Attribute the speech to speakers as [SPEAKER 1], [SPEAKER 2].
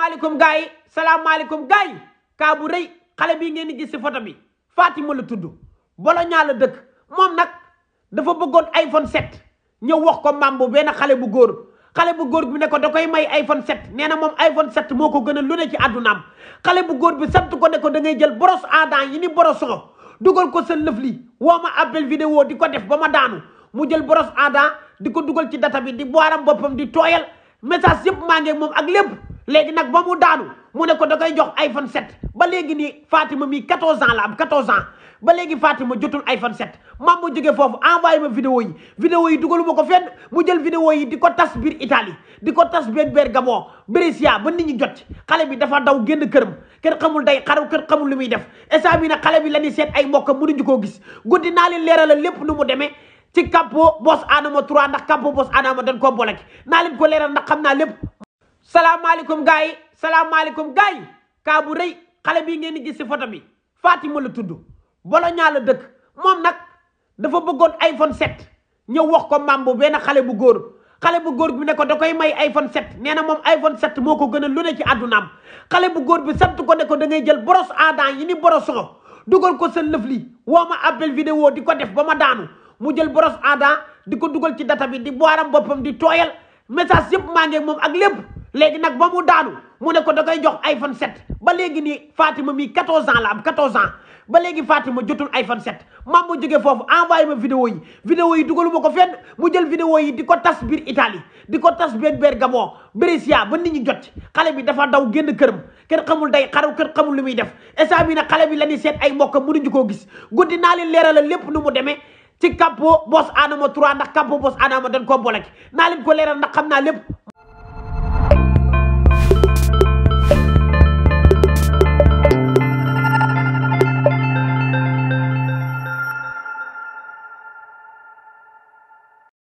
[SPEAKER 1] salaamaaleykum gars yi salaamaaleykum gars yi kaa bu rëy xale bii ngeen di gis si photo bi faat ma la tudd Bologna la dëkk moom nag dafa bëggoon iPhone 7 ñëw wax ko maam bu benn xale bu góor xale bu góor bi ne da koy may iPhone 7 nee na moom iPhone 7 moo ko gën lu ne ci àddunaam xale bu góor bi sant ko ne ko da ngay jël brosse à dents yi ni borosoo dugal ko sa lëf li woo ma appel vidéo di ko def ba ma daanu mu jël brosse à di ko dugal ci data bi di booram boppam di tooyal message yëpp maa ngi moom ak lépp. léegi nag ba mu daanu mu ne ko da koy jox iPhone 7 ba léegi nii Fatima mii 14 ans la am 14 ans ba léegi Fatima jotul iPhone 7 mam ma jógee foofu envoyé ma vidéo yi vidéo yi dugalu ma ko fen mu jël vidéo yi di ko tas biir Italie di ko tas biir Bergamo Brescia ba nit ñi jot xale bi dafa daw génn këram kenn xamul day xaru kenn xamul lu muy def instant bi nag xale bi la ñuy seet ay mbokkam mënuñu koo gis guddi naa leen leeralal lépp nu mu demee ci Capo Boss Anama 3 ndax Capo Boss Anama dañ ko boole naa leen ko leeral ndax xam naa lépp salaamaaleykum gars yi salaamaaleykum gars yi kaa bu rëy xale bii ngeen di gis si photo bi faat yi Fatima la tudd ñaa la dëkk moom nag dafa bëggoon iPhone 7 ñëw wax ko mambo benn xale bu góor xale bu góor bi ne ko da koy may iPhone 7 nee na moom iPhone 7 moo ko gën a lu ne ci àddunaam xale bu góor bi sant ko ne ko da ngay jël brosse à dents yi ni soo dugal ko sa lëf li woo ma appel vidéo di ko def ba ma daanu mu jël boros à di ko dugal ci data bi di boppam di tooyal message yëpp maa ngi moom ak lépp. léegi nag ba mu daanu mu ne ko da koy jox iPhone 7 ba léegi nii Fatima mii 14 ans la am 14 ans ba léegi Fatima jotul iPhone 7 mam mu jógee foofu envoyé ma vidéo yi vidéo yi dugalu ma ko fenn mu jël vidéo yi di ko tas biir Italie di ko tas benn Bergamo Brescia ba nit ñi jot xale bi dafa daw génn këram kër xamul day xaru kër xamul lu muy def instant bii nag xale bi la ñuy seet ay mbokkam mënuñu koo gis guddi naa leen leeralal lépp nu mu demee. ci Campo Boss Adama 3 ndax Campo Boss Adama dañ koo boole naa leen ko leeral ndax xam naa lépp.